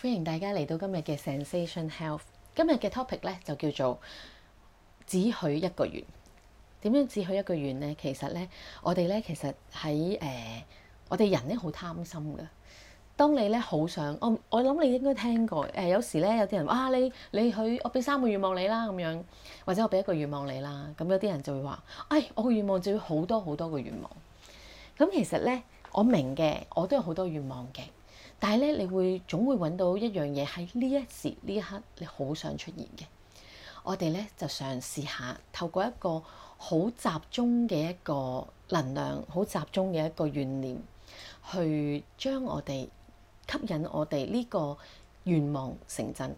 歡迎大家嚟到今日嘅 Zensation Health。今日嘅 topic 咧就叫做只許一個願。點樣只許一個願咧？其實咧，我哋咧其實喺誒、呃，我哋人咧好貪心㗎。當你咧好想，我我諗你應該聽過誒、呃。有時咧有啲人啊，你你許我俾三個願望你啦，咁樣或者我俾一個願望你啦。咁有啲人就會話：唉、哎，我個願望就要好多好多個願望。咁其實咧，我明嘅，我都有好多願望嘅。但係咧，你會總會揾到一樣嘢喺呢一時呢一刻，你好想出現嘅。我哋咧就嘗試下透過一個好集中嘅一個能量，好集中嘅一個願念，去將我哋吸引我哋呢個願望成真。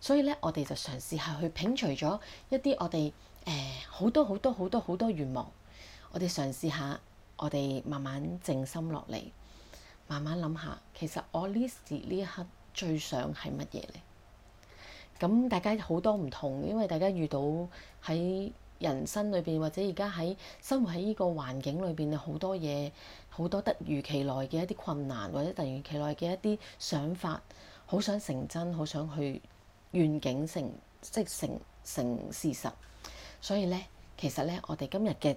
所以咧，我哋就嘗試下去摒除咗一啲我哋誒好多好多好多好多好多願望。我哋嘗試下，我哋慢慢靜心落嚟。慢慢諗下，其實我呢時呢一刻最想係乜嘢呢？咁大家好多唔同，因為大家遇到喺人生裏邊，或者而家喺生活喺呢個環境裏邊，好多嘢，好多突如其來嘅一啲困難，或者突如其來嘅一啲想法，好想成真，好想去願景成，即成成事實。所以呢，其實呢，我哋今日嘅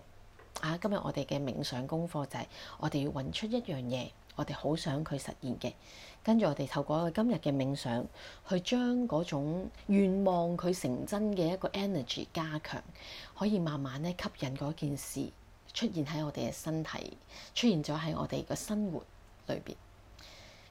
啊！今日我哋嘅冥想功課就係我哋要揾出一樣嘢，我哋好想佢實現嘅。跟住我哋透過今日嘅冥想，去將嗰種願望佢成真嘅一個 energy 加強，可以慢慢咧吸引嗰件事出現喺我哋嘅身體，出現咗喺我哋個生活裏邊。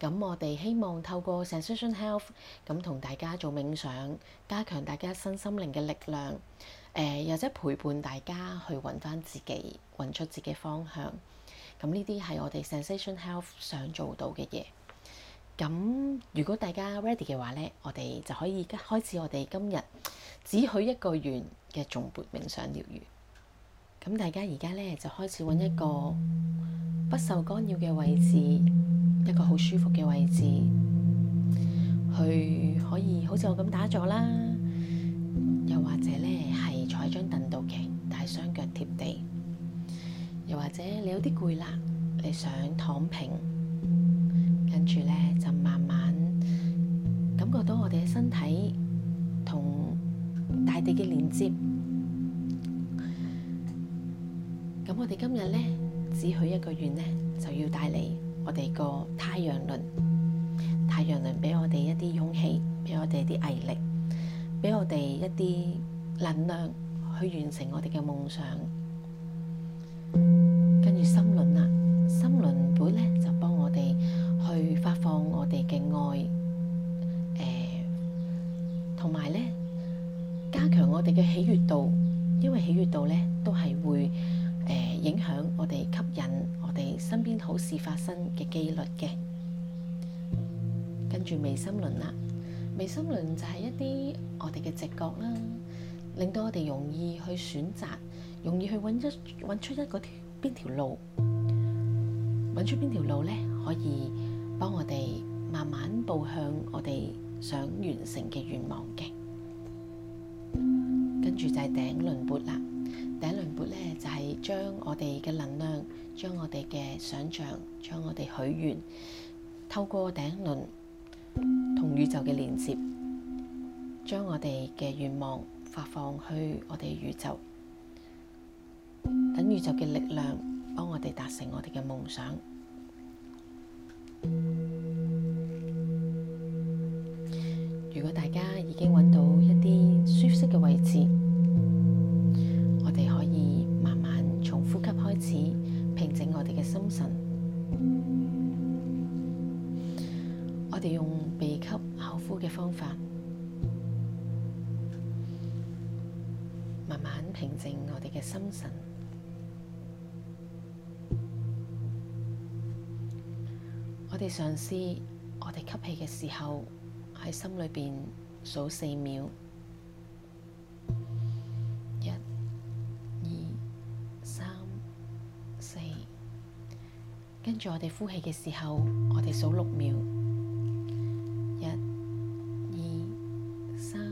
咁我哋希望透過 Zensation Health 咁同大家做冥想，加強大家身心靈嘅力量。誒、呃，又或者陪伴大家去揾翻自己，揾出自己方向。咁呢啲係我哋 Zensation Health 想做到嘅嘢。咁如果大家 ready 嘅話呢，我哋就可以開始我哋今日只許一個願嘅頌缽冥想療癒。咁大家而家呢，就開始揾一個不受干擾嘅位置。一個好舒服嘅位置，去可以好似我咁打坐啦，又或者咧係坐喺張凳度企，但係雙腳貼地，又或者你有啲攰啦，你想躺平，跟住咧就慢慢感覺到我哋嘅身體同大地嘅連接。咁我哋今日咧只許一個願咧，就要帶你。我哋個太陽輪，太陽輪俾我哋一啲勇氣，俾我哋啲毅力，俾我哋一啲能量去完成我哋嘅夢想。跟住心輪啊，心輪會咧就幫我哋去發放我哋嘅愛，誒，同埋咧加強我哋嘅喜悅度，因為喜悅度咧都係會誒影響我哋吸引，我哋身邊好事發生嘅幾率嘅，跟住眉心輪啦，眉心輪就係一啲我哋嘅直覺啦，令到我哋容易去選擇，容易去揾一揾出一個條邊條路，揾出邊條路呢，可以幫我哋慢慢步向我哋想完成嘅願望嘅，跟住就係頂輪撥啦。頂輪缽呢，就係將我哋嘅能量、將我哋嘅想象、將我哋許願，透過頂輪同宇宙嘅連接，將我哋嘅願望發放去我哋宇宙，等宇宙嘅力量幫我哋達成我哋嘅夢想。時候喺心裏邊數四秒，一、二、三、四，跟住我哋呼氣嘅時候，我哋數六秒，一、二、三、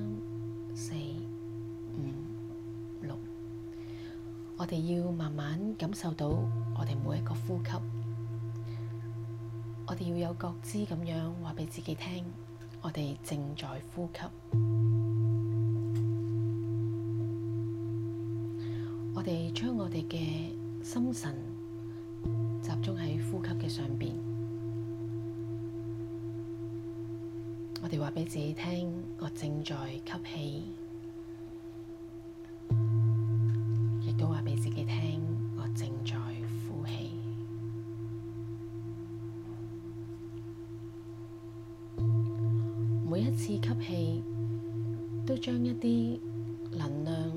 四、五、六，我哋要慢慢感受到我哋每一個呼吸。覺知咁樣話俾自己聽，我哋正在呼吸。我哋將我哋嘅心神集中喺呼吸嘅上面。我哋話俾自己聽，我正在吸氣。吸氣都將一啲能量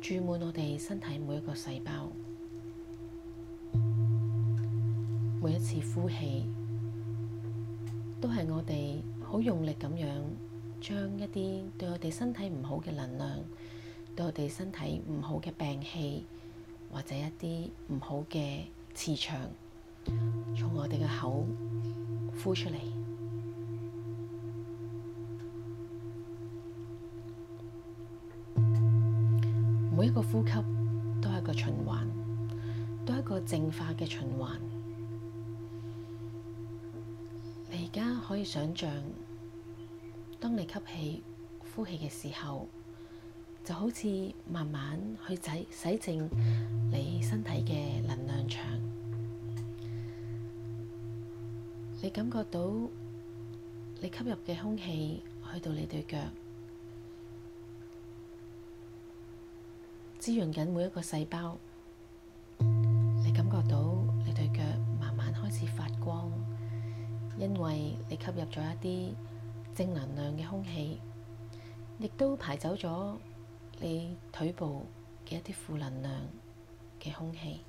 注滿我哋身體每一個細胞，每一次呼氣都係我哋好用力咁樣將一啲對我哋身體唔好嘅能量，對我哋身體唔好嘅病氣或者一啲唔好嘅磁場，從我哋嘅口呼出嚟。每一個呼吸都係一個循環，都係一個淨化嘅循環。你而家可以想像，當你吸氣、呼氣嘅時候，就好似慢慢去洗洗淨你身體嘅能量場。你感覺到你吸入嘅空氣去到你對腳。滋潤緊每一個細胞，你感覺到你對腳慢慢開始發光，因為你吸入咗一啲正能量嘅空氣，亦都排走咗你腿部嘅一啲負能量嘅空氣。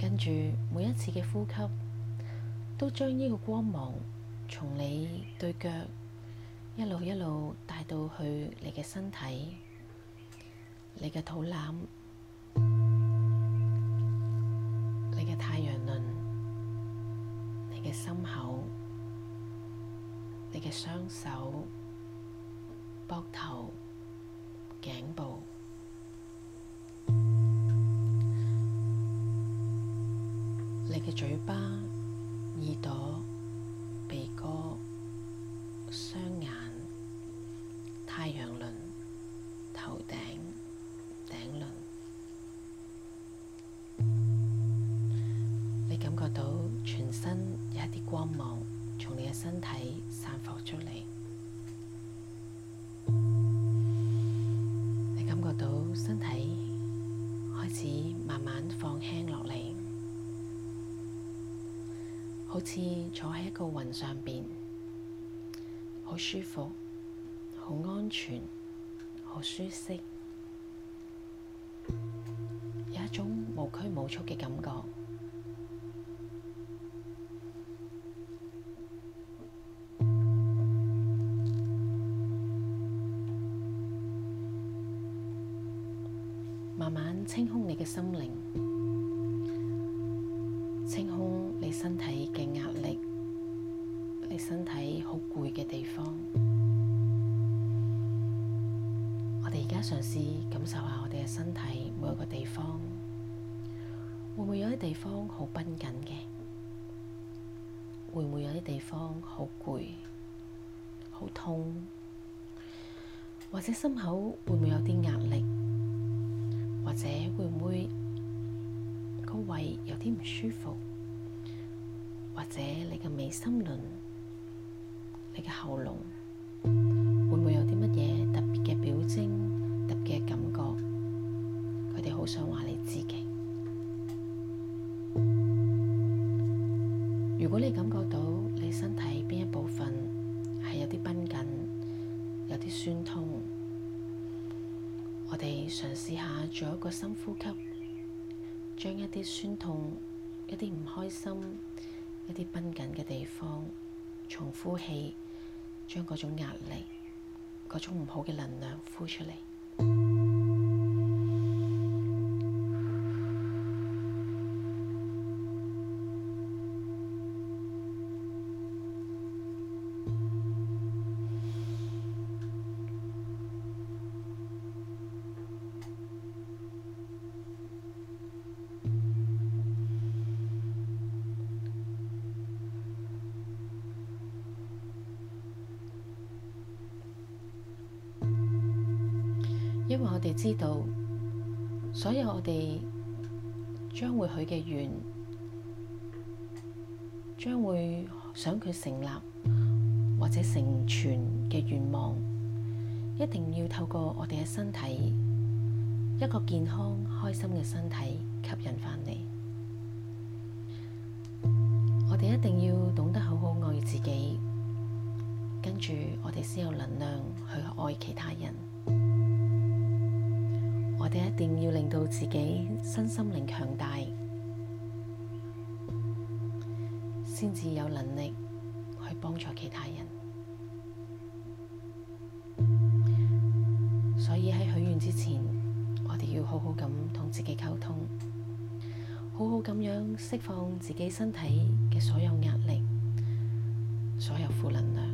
跟住每一次嘅呼吸，都將呢個光芒從你對腳一路一路。帶到去你嘅身體，你嘅肚腩，你嘅太陽輪，你嘅心口，你嘅雙手，膊頭，頸部，你嘅嘴巴、耳朵、鼻哥。好似坐喺一個雲上面，好舒服，好安全，好舒適，有一種無拘無束嘅感覺。慢慢清空你嘅心靈。身體嘅壓力，你身體好攰嘅地方，我哋而家嘗試感受下我哋嘅身體每一個地方，會唔會有啲地方好繃緊嘅？會唔會有啲地方好攰、好痛？或者心口會唔會有啲壓力，或者會唔會個胃有啲唔舒服？或者你嘅眉心輪、你嘅喉嚨，會唔會有啲乜嘢特別嘅表徵、特別嘅感覺？佢哋好想話你知嘅。如果你感覺到你身體邊一部分係有啲繃緊、有啲酸痛，我哋嘗試下做一個深呼吸，將一啲酸痛、一啲唔開心。一啲繃緊嘅地方，從呼氣將嗰種壓力、嗰種唔好嘅能量呼出嚟。所以我哋將會許嘅願，將會想佢成立或者成全嘅願望，一定要透過我哋嘅身體，一個健康開心嘅身體吸引返嚟。我哋一定要懂得好好愛自己，跟住我哋先有能量去愛其他人。我哋一定要令到自己身心靈強大，先至有能力去幫助其他人。所以喺許願之前，我哋要好好咁同自己溝通，好好咁樣釋放自己身體嘅所有壓力、所有負能量。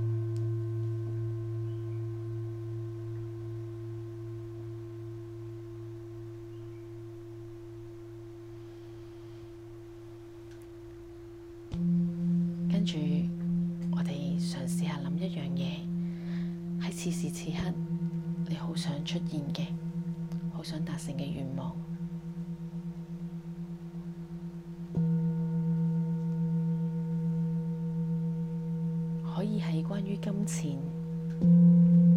可以係關於金錢。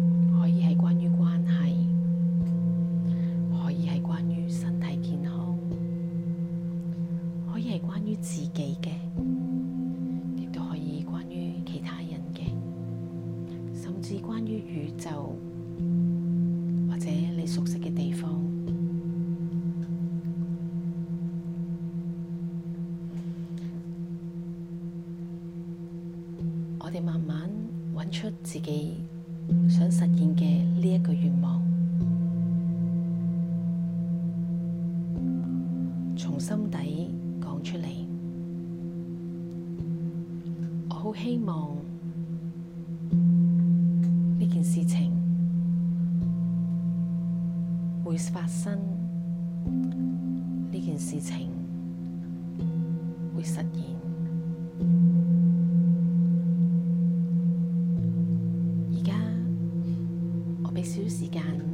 我希望呢件事情會發生，呢件事情會實現。而家我畀少少時間。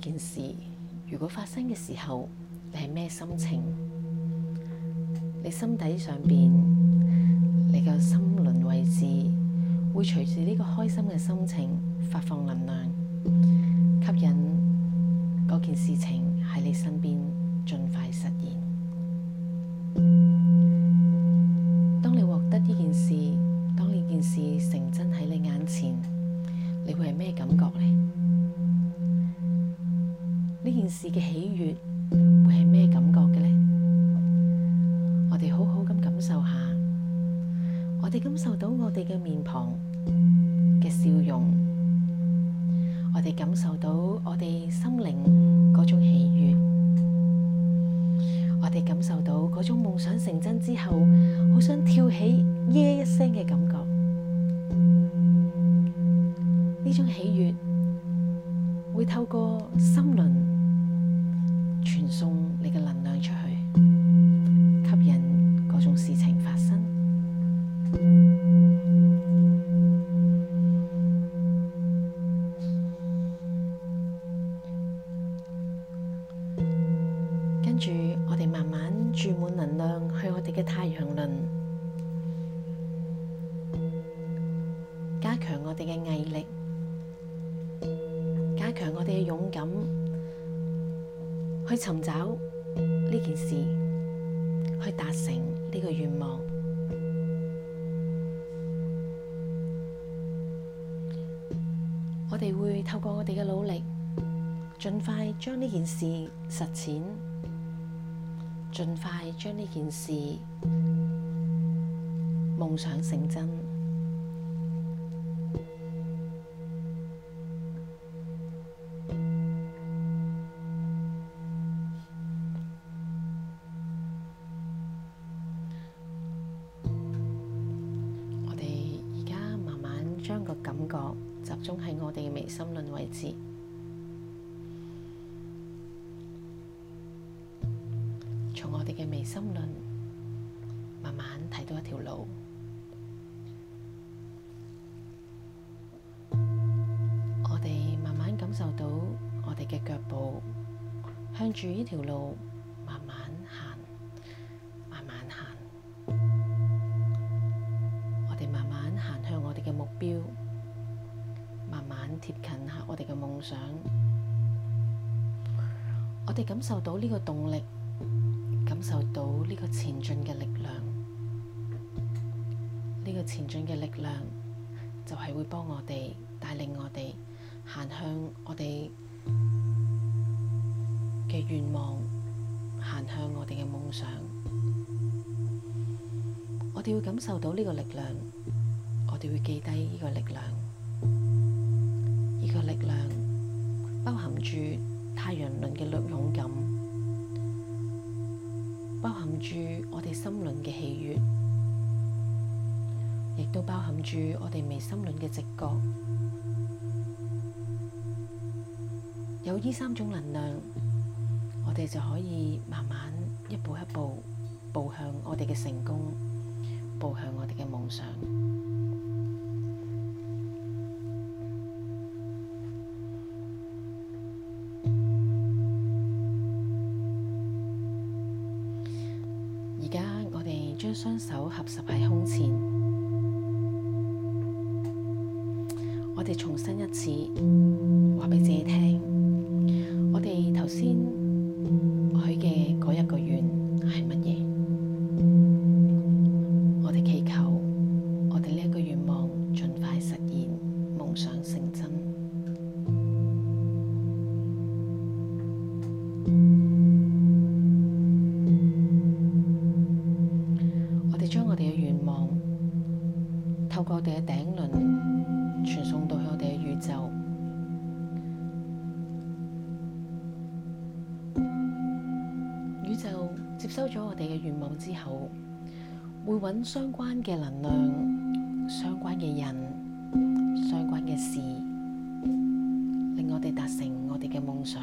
件事如果發生嘅時候，你係咩心情？你心底上邊，你個心輪位置會隨住呢個開心嘅心情發放能量，吸引件事情喺你身邊盡快實現。當你獲得呢件事，當呢件事成真喺你眼前，你會係咩感覺？是嘅喜悅會係咩感覺嘅呢？我哋好好咁感受下，我哋感受到我哋嘅面龐嘅笑容，我哋感受到我哋心靈嗰種喜悅，我哋感受到嗰種夢想成真之後，好想跳起耶一聲嘅感覺。呢種喜悅會透過心輪。我哋嘅毅力，加強我哋嘅勇敢，去尋找呢件事，去達成呢個願望。我哋會透過我哋嘅努力，盡快將呢件事實踐，盡快將呢件事夢想成真。向住呢條路慢慢行，慢慢行，我哋慢慢行向我哋嘅目標，慢慢貼近下我哋嘅夢想。我哋感受到呢個動力，感受到呢個前進嘅力量。呢個前進嘅力量就係會幫我哋帶領我哋行向我哋。嘅願望，行向我哋嘅夢想，我哋會感受到呢個力量，我哋會記低呢個力量。呢個力量包含住太陽輪嘅勇勇敢，包含住我哋心輪嘅喜悅，亦都包含住我哋眉心輪嘅直覺。有呢三種能量。我哋就可以慢慢一步一步步向我哋嘅成功，步向我哋嘅夢想。而家我哋將雙手合十喺胸前，我哋重新一次話畀自己聽，我哋頭先。接收咗我哋嘅願望之後，會揾相關嘅能量、相關嘅人、相關嘅事，令我哋達成我哋嘅夢想。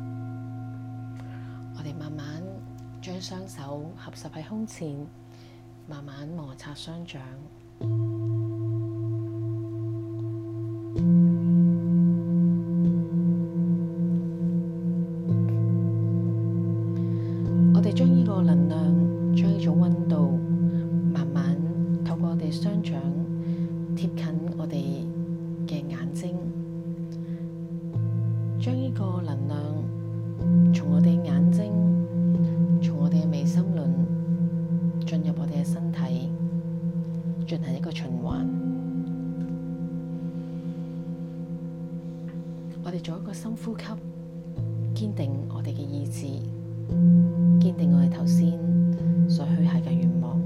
我哋慢慢將雙手合十喺胸前。慢慢摩擦雙掌， 我哋將呢個能量，將呢種溫度，慢慢透過我哋雙掌貼近我哋嘅眼睛，將呢個能量從我哋眼睛。嚟做一個深呼吸，堅定我哋嘅意志，堅定我哋頭先所許下嘅願望。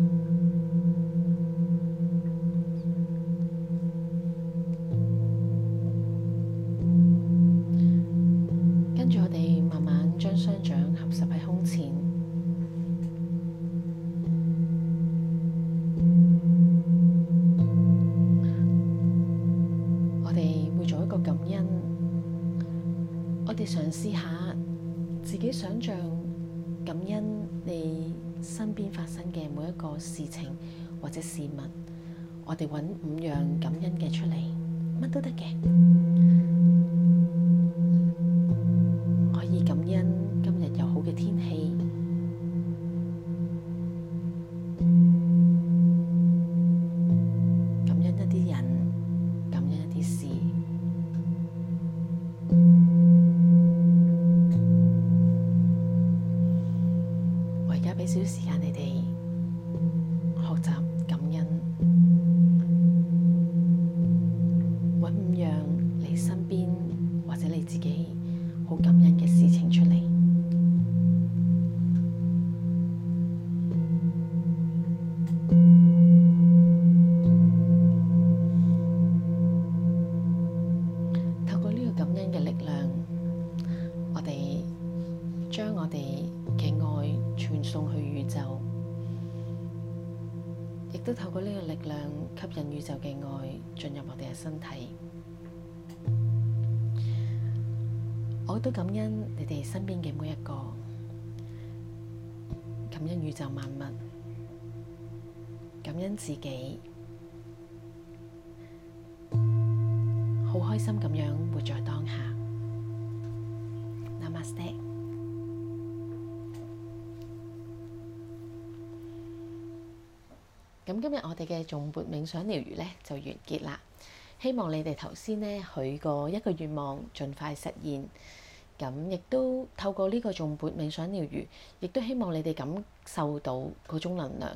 跟住我哋慢慢將雙掌。試下自己想象感恩你身邊發生嘅每一個事情或者事物，我哋揾五樣感恩嘅出嚟，乜都得嘅。都透過呢個力量吸引宇宙嘅愛進入我哋嘅身體，我都感恩你哋身邊嘅每一個，感恩宇宙萬物，感恩自己，好開心咁樣活在當下。今日我哋嘅頌缽冥想療癒咧就完結啦。希望你哋頭先咧許過一個願望盡快實現。咁亦都透過呢個頌缽冥想療癒，亦都希望你哋感受到嗰種能量，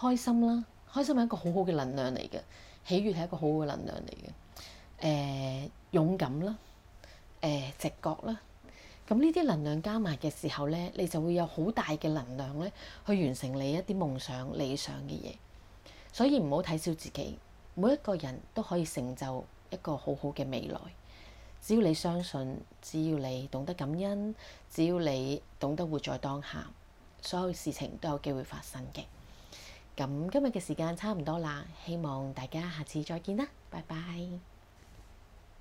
開心啦，開心係一個好好嘅能量嚟嘅，喜悅係一個好好嘅能量嚟嘅，誒、欸，勇敢啦，誒、欸，直覺啦。咁呢啲能量加埋嘅時候呢，你就會有好大嘅能量咧，去完成你一啲夢想、理想嘅嘢。所以唔好睇小自己，每一個人都可以成就一個好好嘅未來。只要你相信，只要你懂得感恩，只要你懂得活在當下，所有事情都有機會發生嘅。咁今日嘅時間差唔多啦，希望大家下次再見啦，拜拜。